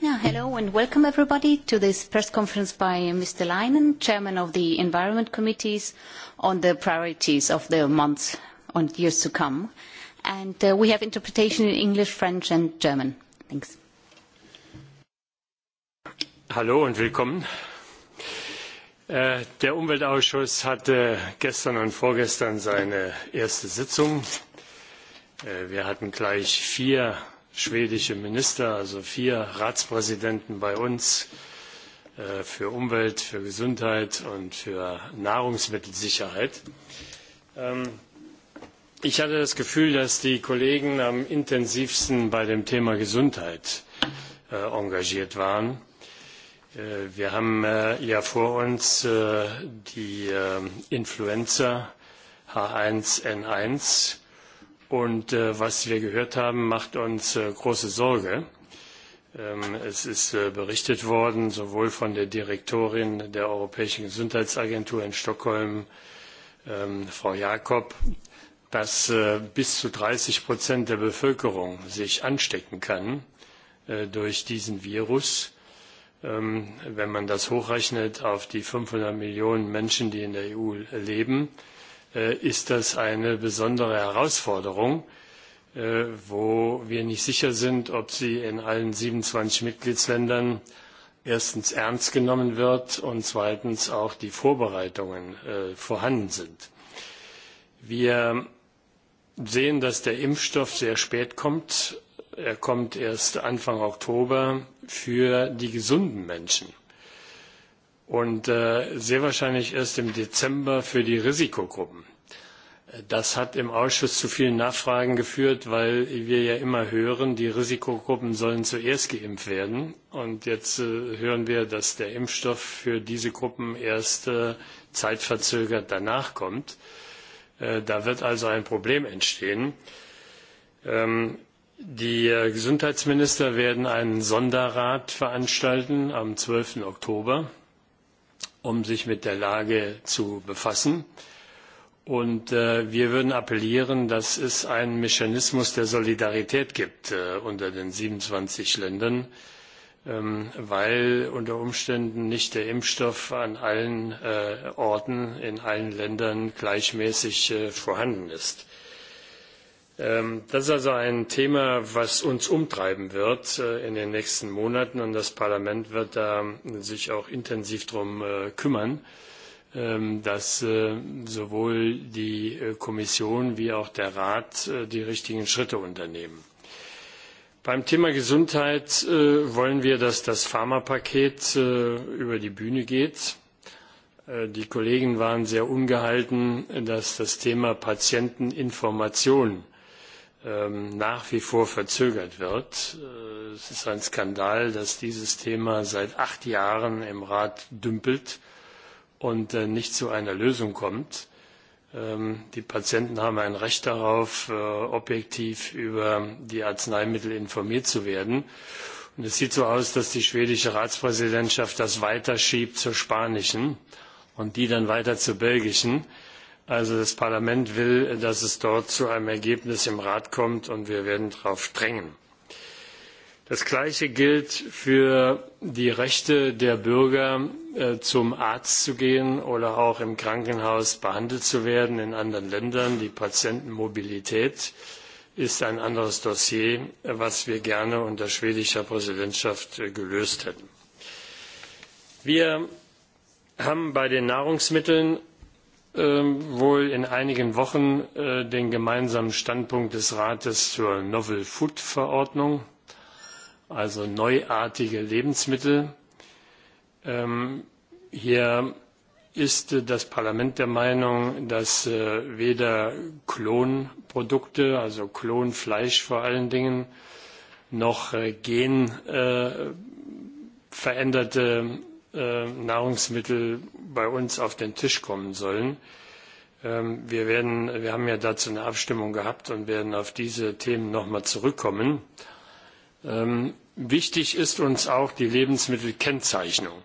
Hello and welcome everybody to this press conference by Mr. Leinen, Chairman of the Environment Committees, on the priorities of the months and years to come. And uh, we have interpretation in English, French and German. Thanks. Hallo und willkommen. Äh, der Umweltausschuss hatte gestern und vorgestern seine erste Sitzung. Äh, wir hatten gleich vier schwedische minister also vier ratspräsidenten bei uns äh, für umwelt für gesundheit und für nahrungsmittelsicherheit. Ähm, ich hatte das gefühl dass die kollegen am intensivsten bei dem thema gesundheit äh, engagiert waren. Äh, wir haben ja vor uns die ähm, influenza h eins n eins Und äh, was wir gehört haben, macht uns äh, große Sorge. Ähm, es ist äh, berichtet worden, sowohl von der Direktorin der Europäischen Gesundheitsagentur in Stockholm, ähm, Frau Jakob, dass äh, bis zu 30 Prozent der Bevölkerung sich anstecken kann äh, durch diesen Virus. Ähm, wenn man das hochrechnet auf die 500 Millionen Menschen, die in der EU leben, äh, Äh, ist das eine besondere Herausforderung, äh, wo wir nicht sicher sind, ob sie in allen 27 Mitgliedsländern erstens ernst genommen wird und zweitens auch die Vorbereitungen äh, vorhanden sind. Wir sehen, dass der Impfstoff sehr spät kommt. Er kommt erst Anfang Oktober für die gesunden Menschen und äh, sehr wahrscheinlich erst im Dezember für die Risikogruppen. Das hat im Ausschuss zu vielen Nachfragen geführt, weil wir ja immer hören, die Risikogruppen sollen zuerst geimpft werden. Und jetzt äh, hören wir, dass der Impfstoff für diese Gruppen erst äh, zeitverzögert danach kommt. Da wird also ein Problem entstehen. Ähm, die Gesundheitsminister werden einen Sonderrat veranstalten am 12. Oktober um sich mit der Lage zu befassen. Und äh, wir würden appellieren, dass es einen Mechanismus der Solidarität gibt äh, unter den 27 Ländern, ähm, weil unter Umständen nicht der Impfstoff an allen äh, Orten, in allen Ländern gleichmäßig äh, vorhanden ist. Äh, Ähm, das ist also ein Thema, was uns umtreiben wird äh, in den nächsten Monaten und das Parlament wird da äh, sich auch intensiv darum äh, kümmern, ähm, dass sowohl die Kommission wie auch der Rat die richtigen Schritte unternehmen. Beim Thema Gesundheit wollen wir, dass das Pharmapaket über die Bühne geht. Die Kollegen waren sehr ungehalten, dass das Thema Patienteninformation Ähm, nach wie vor verzögert wird. Äh, es ist ein Skandal, dass dieses Thema seit acht Jahren im Rat dümpelt und äh, nicht zu einer Lösung kommt. Ähm, die Patienten haben ein Recht darauf, äh, objektiv über die Arzneimittel informiert zu werden. Und es sieht so aus, dass die schwedische Ratspräsidentschaft das weiterschiebt zur spanischen und die dann weiter zur belgischen. Also das Parlament will, dass es dort zu einem Ergebnis im Rat kommt, und wir werden darauf drängen. Das Gleiche gilt für die Rechte der Bürger, äh, zum Arzt zu gehen oder auch im Krankenhaus behandelt zu werden in anderen Ländern. Die Patientenmobilität ist ein anderes Dossier, was wir gerne unter schwedischer Präsidentschaft äh, gelöst hätten. Wir haben bei den Nahrungsmitteln Ähm, wohl in einigen wochen äh, den gemeinsamen standpunkt des rates zur novel food verordnung also neuartige lebensmittel. Ähm, hier ist das parlament der meinung dass äh, weder klonprodukte also klonfleisch vor allen dingen noch äh, genveränderte Äh, Nahrungsmittel bei uns auf den Tisch kommen sollen. Ähm, wir, werden, wir haben ja dazu eine Abstimmung gehabt und werden auf diese Themen nochmal zurückkommen. Ähm, wichtig ist uns auch die Lebensmittelkennzeichnung.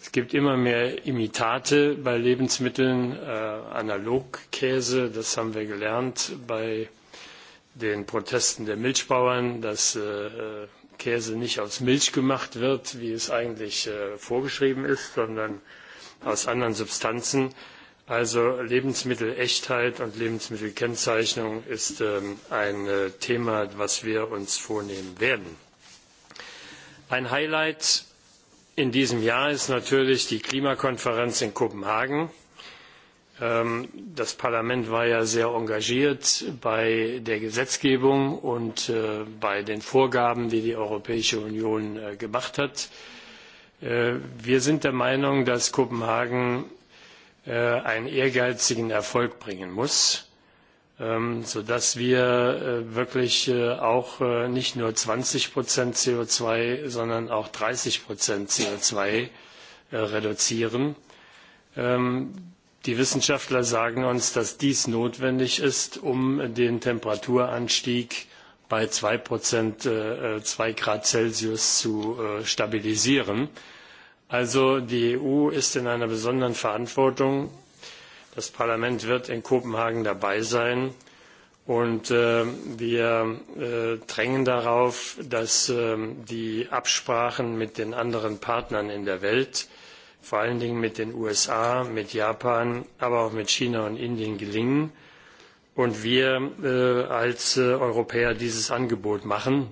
Es gibt immer mehr Imitate bei Lebensmitteln, äh, Analogkäse, das haben wir gelernt bei den Protesten der Milchbauern, dass äh, äh Käse nicht aus Milch gemacht wird, wie es eigentlich äh, vorgeschrieben ist, sondern aus anderen Substanzen. Also Lebensmittelechtheit und Lebensmittelkennzeichnung ist ähm, ein äh, Thema, was wir uns vornehmen werden. Ein Highlight in diesem Jahr ist natürlich die Klimakonferenz in Kopenhagen. Ähm, das Parlament war ja sehr engagiert bei der Gesetzgebung und äh, bei den Vorgaben, die die Europäische Union äh, gemacht hat. Äh, wir sind der Meinung, dass Kopenhagen einen ehrgeizigen Erfolg bringen muss, ähm, sodass wir wirklich auch nicht nur 20 Prozent CO2, sondern auch 30 Prozent CO2 reduzieren. Ähm, Die Wissenschaftler sagen uns, dass dies notwendig ist, um den Temperaturanstieg bei 2 Prozent, äh, 2 äh, Grad Celsius zu äh, stabilisieren. Also die EU ist in einer besonderen Verantwortung. Das Parlament wird in Kopenhagen dabei sein. Und äh, wir äh, drängen darauf, dass äh, die Absprachen mit den anderen Partnern in der Welt äh, vor allen Dingen mit den USA, mit Japan, aber auch mit China und Indien gelingen und wir äh, als äh, Europäer dieses Angebot machen.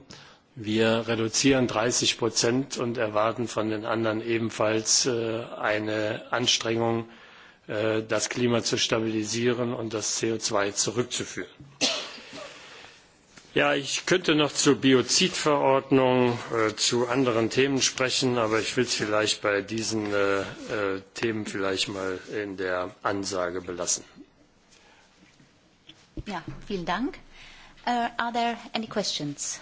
Wir reduzieren 30 Prozent und erwarten von den anderen ebenfalls äh, eine Anstrengung, äh, das Klima zu stabilisieren und das CO2 zurückzuführen. Ja, ich könnte noch zur biozidverordnung äh, zu anderen themen sprechen aber ich will es vielleicht bei diesen äh, äh, themen vielleicht mal in der ansage belassen. Ja, vielen dank. Uh, are there any questions?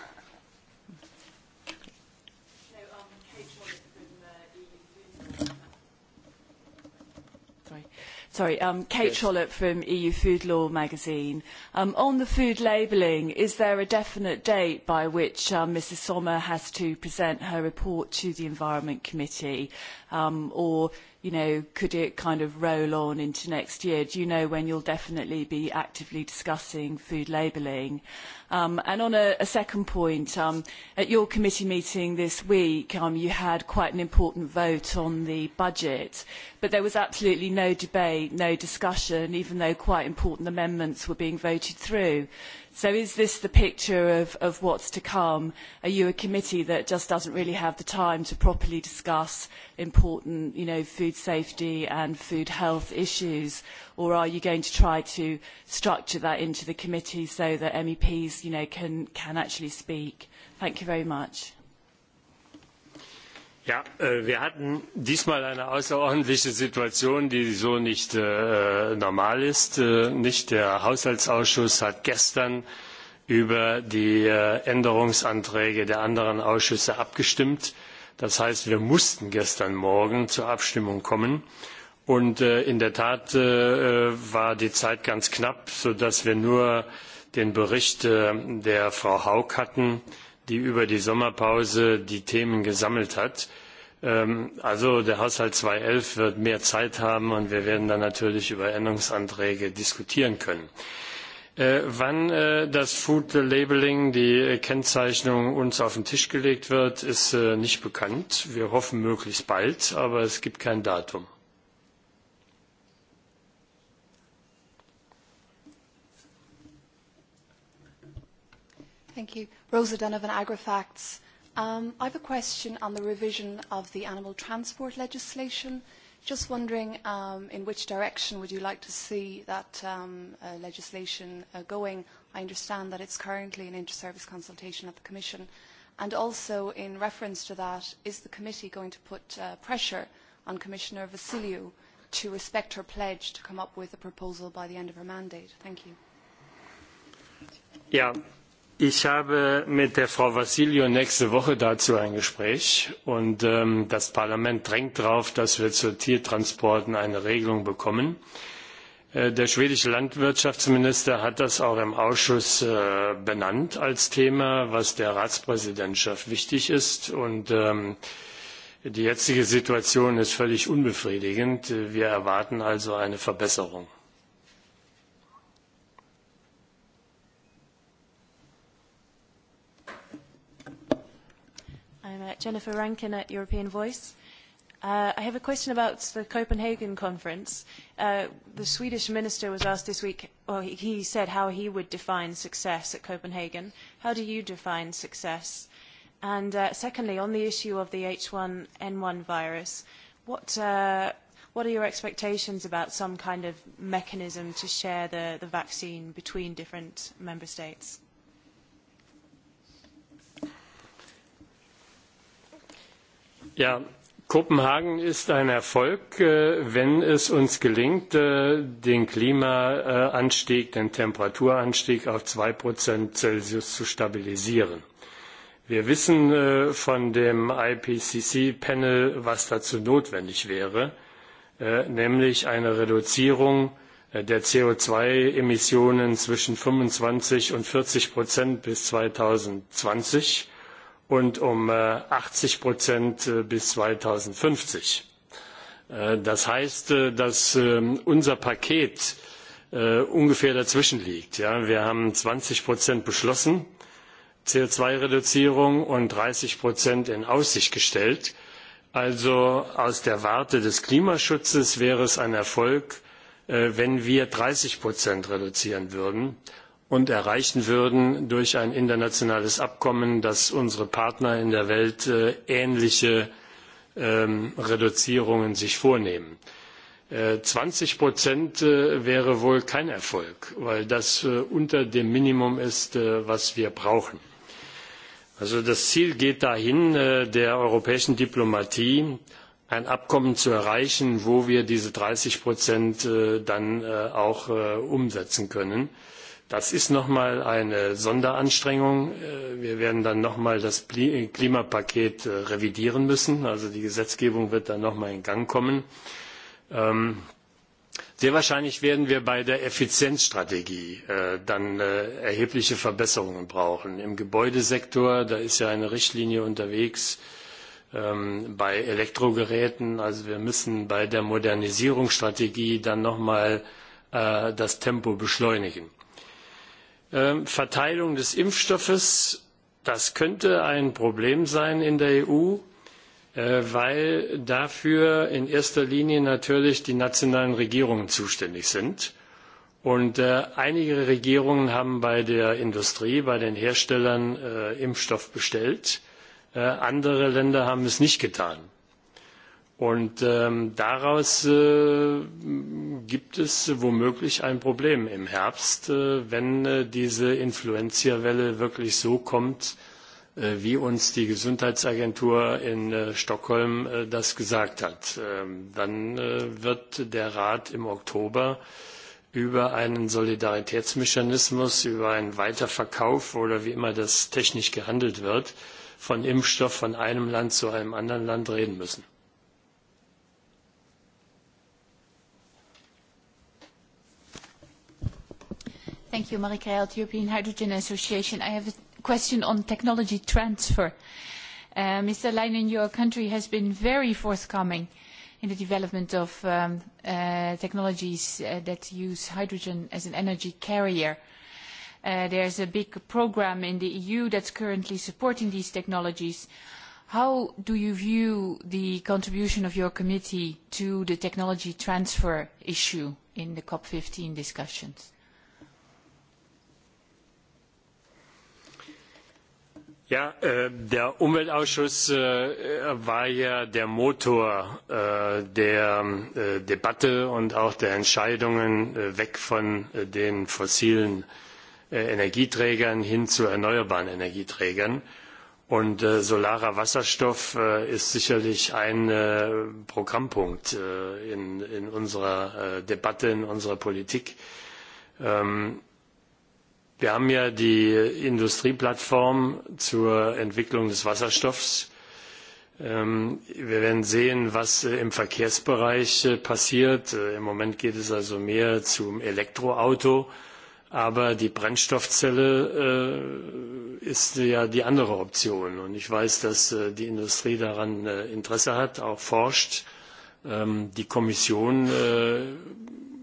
Sorry, um, Kate yes. Trollope from EU Food Law magazine. Um, on the food labelling, is there a definite date by which um, Mrs. Sommer has to present her report to the Environment Committee? Um, or you know, could it kind of roll on into next year? Do you know when you'll definitely be actively discussing food labeling? Um, on a second point, um, at your committee meeting this week, um, you had quite an important vote on the budget, but there was absolutely no debate, no discussion, even though quite important amendments were being voted through. So is this the picture of, of what's to come? Are you a committee that just doesn't really have the time to properly discuss important you know, food safety and food health issues? Or are you going to try to structure that into the committee so that MEPs you know, can, can actually speak? Thank you very much. Ja, äh, wir hatten diesmal eine außerordentliche situation die so nicht äh, normal ist. Äh, nicht der haushaltsausschuss hat gestern über die änderungsanträge der anderen ausschüsse abgestimmt. das heißt wir mussten gestern morgen zur abstimmung kommen. in der tat war die zeit ganz knapp so dass wir nur den bericht der frau haug hatten die über die sommerpause die themen gesammelt hat. Ähm, also der haushalt zweitausendelf wird mehr zeit haben und wir werden dann natürlich über änderungsanträge diskutieren können. Äh, wann äh, das food labelling die kennzeichnung uns auf den tisch gelegt wird ist äh, nicht bekannt. wir hoffen möglichst bald aber es gibt kein datum. Thank you. Rosa Donovan, AgriFacts. Um, I have a question on the revision of the animal transport legislation. Just wondering um, in which direction would you like to see that um, uh, legislation uh, going? I understand that it's currently an inter-service consultation at the Commission. And also in reference to that, is the committee going to put uh, pressure on Commissioner Vassiliou to respect her pledge to come up with a proposal by the end of her mandate? Thank you. Yeah ich habe mit frau vassiliou nächste woche dazu ein gespräch und ähm, das parlament drängt darauf dass wir zu tiertransporten eine regelung bekommen. Äh, der schwedische landwirtschaftsminister hat das auch im ausschuss äh, benannt als thema das der ratspräsidentschaft wichtig ist und ähm, die jetzige situation ist völlig unbefriedigend. wir erwarten also eine verbesserung. Jennifer Rankin at European Voice. Uh, I have a question about the Copenhagen conference. Uh, the Swedish minister was asked this week, or well, he said how he would define success at Copenhagen. How do you define success? And uh, secondly, on the issue of the H1N1 virus, what, uh, what are your expectations about some kind of mechanism to share the, the vaccine between different member states? Ja, kopenhagen ist ein erfolg äh, wenn es uns gelingt äh, den klimaanstieg den temperaturanstieg auf zwei celsius zu stabilisieren. wir wissen äh, von dem ipcc panel was dazu notwendig wäre nämlich eine reduzierung der co zwei emissionen zwischen fünfundzwanzig und vierzig bis zweitausendzwanzig und um 80% äh, äh, bis 2050. Äh, das heißt, dass ähm, unser Paket ungefähr dazwischen liegt. Ja, wir haben 20% beschlossen, CO2-Reduzierung, und 30% in Aussicht gestellt. Also aus der Warte des Klimaschutzes wäre es ein Erfolg, wenn wir 30% reduzieren würden und erreichen würden durch ein internationales Abkommen, dass unsere Partner in der Welt äh, ähnliche ähm, Reduzierungen sich vornehmen. Äh, 20 Prozent äh, wäre wohl kein Erfolg, weil das äh, unter dem Minimum ist, äh, was wir brauchen. Also das Ziel geht dahin, äh, der europäischen Diplomatie ein Abkommen zu erreichen, wo wir diese 30 Prozent äh, dann äh, auch äh, umsetzen können. Äh, Das ist nochmal eine Sonderanstrengung. Äh, wir werden dann nochmal das Klimapaket äh, revidieren müssen. Also die Gesetzgebung wird dann nochmal in Gang kommen. Ähm, sehr wahrscheinlich werden wir bei der Effizienzstrategie äh, dann erhebliche Verbesserungen brauchen. Im Gebäudesektor, da ist ja eine Richtlinie unterwegs ähm, bei Elektrogeräten. Also wir müssen bei der Modernisierungsstrategie dann nochmal das Tempo beschleunigen. Ähm, verteilung des impfstoffes das könnte ein problem sein in der eu äh, weil dafür in erster linie natürlich die nationalen regierungen zuständig sind und äh, einige regierungen haben bei der industrie bei den herstellern äh, impfstoff bestellt andere länder haben es nicht getan. Und ähm, daraus äh, gibt es womöglich ein Problem im Herbst, äh, wenn äh, diese Influenzierwelle wirklich so kommt, äh, wie uns die Gesundheitsagentur in äh, Stockholm äh, das gesagt hat. Äh, dann äh, wird der Rat im Oktober über einen Solidaritätsmechanismus, über einen Weiterverkauf oder wie immer das technisch gehandelt wird, von Impfstoff von einem Land zu einem anderen Land reden müssen. Thank you. Marieke Rijt, European Hydrogen Association. I have a question on technology transfer. Uh, Mr. Leinen, your country has been very forthcoming in the development of um, uh, technologies uh, that use hydrogen as an energy carrier. Uh, there is a big program in the EU that is currently supporting these technologies. How do you view the contribution of your committee to the technology transfer issue in the COP15 discussions? Ja, äh, der umweltausschuss äh, war ja der motor äh, der debatte und auch der entscheidungen weg von den fossilen energieträgern hin zu erneuerbaren energieträgern und solarer wasserstoff ist sicherlich ein programmpunkt in unserer debatte in unserer politik. Ähm, Wir haben ja die Industrieplattform zur Entwicklung des Wasserstoffs. Ähm, wir werden sehen, was äh, im Verkehrsbereich äh, passiert. Äh, Im Moment geht es also mehr zum Elektroauto. Aber die Brennstoffzelle äh, ist ja die andere Option. Und ich weiß, dass äh, die Industrie daran äh, Interesse hat, auch forscht. Ähm, die Kommission äh,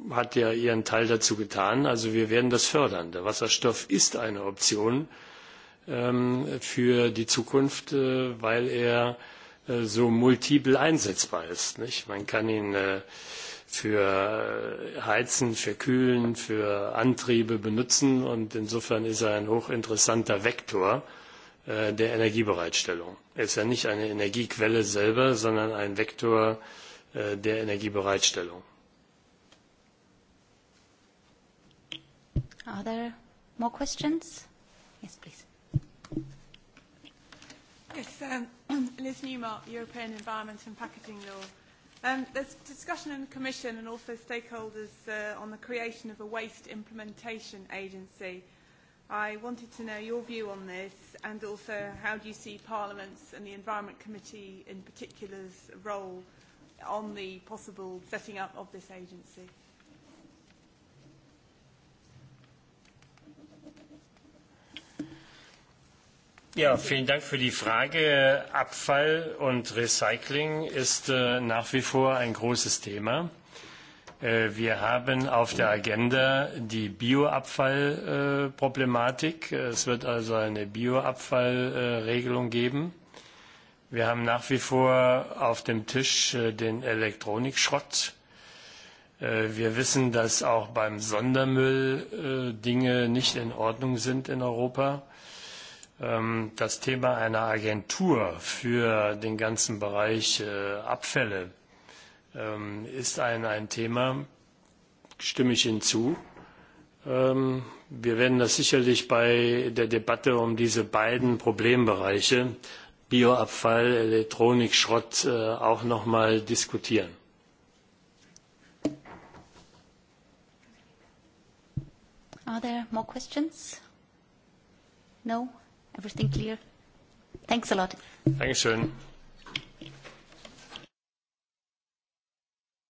hat ja ihren Teil dazu getan. Also wir werden das fördern. Der Wasserstoff ist eine Option ähm, für die Zukunft, äh, weil er äh, so multiple einsetzbar ist. Nicht? Man kann ihn äh, für äh, Heizen, für Kühlen, für Antriebe benutzen und insofern ist er ein hochinteressanter Vektor äh, der Energiebereitstellung. Er ist ja nicht eine Energiequelle selber, sondern ein Vektor äh, der Energiebereitstellung. Are there more questions? Yes, please. Yes, um, Liz Newmark, European Environment and Packaging Law. Um, there's discussion in the Commission and also stakeholders uh, on the creation of a waste implementation agency. I wanted to know your view on this, and also how do you see Parliament's and the Environment Committee, in particular's role on the possible setting up of this agency? Ja, vielen Dank für die Frage. Abfall und Recycling ist äh, nach wie vor ein großes Thema. Äh, wir haben auf der Agenda die Bioabfallproblematik. Es wird also eine Bioabfallregelung geben. Wir haben nach wie vor auf dem Tisch äh, den Elektronikschrott. Wir wissen, dass auch beim Sondermüll Dinge nicht in Ordnung sind in Europa. Ähm, das Thema einer Agentur für den ganzen Bereich äh, Abfälle ähm, ist ein, ein Thema, stimme ich hinzu. Ähm, wir werden das sicherlich bei der Debatte um diese beiden Problembereiche Bioabfall, Elektronikschrott äh, auch noch mal diskutieren. Are there more questions? No? everything clear? thanks a lot.